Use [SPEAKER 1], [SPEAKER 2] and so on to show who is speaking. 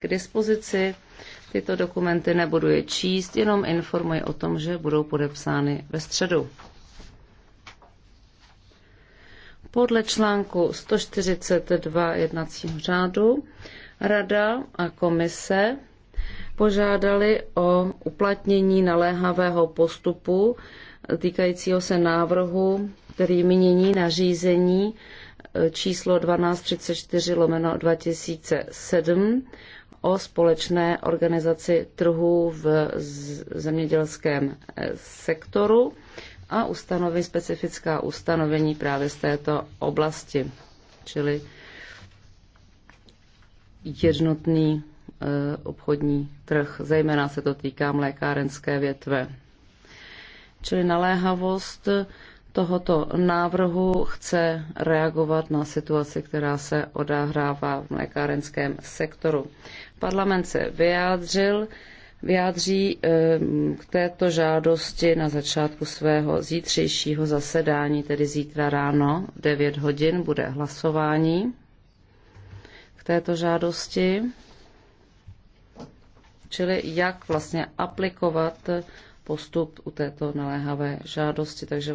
[SPEAKER 1] k dispozici. Tyto dokumenty nebudu je číst, jenom informuji o tom, že budou podepsány ve středu. Podle článku 142 jednacího řádu Rada a komise požádali o uplatnění naléhavého postupu týkajícího se návrhu, který mění nařízení číslo 1234 lomeno 2007 o společné organizaci trhů v zemědělském eh, sektoru a ustanoví specifická ustanovení právě z této oblasti, čili jednotný eh, obchodní trh, zejména se to týká mlékárenské větve. Čili naléhavost tohoto návrhu chce reagovat na situaci, která se odehrává v mlékárenském sektoru. Parlament se vyjádřil, vyjádří ehm, k této žádosti na začátku svého zítřejšího zasedání, tedy zítra ráno v 9 hodin bude hlasování k této žádosti, čili jak vlastně aplikovat postup u této naléhavé žádosti. Takže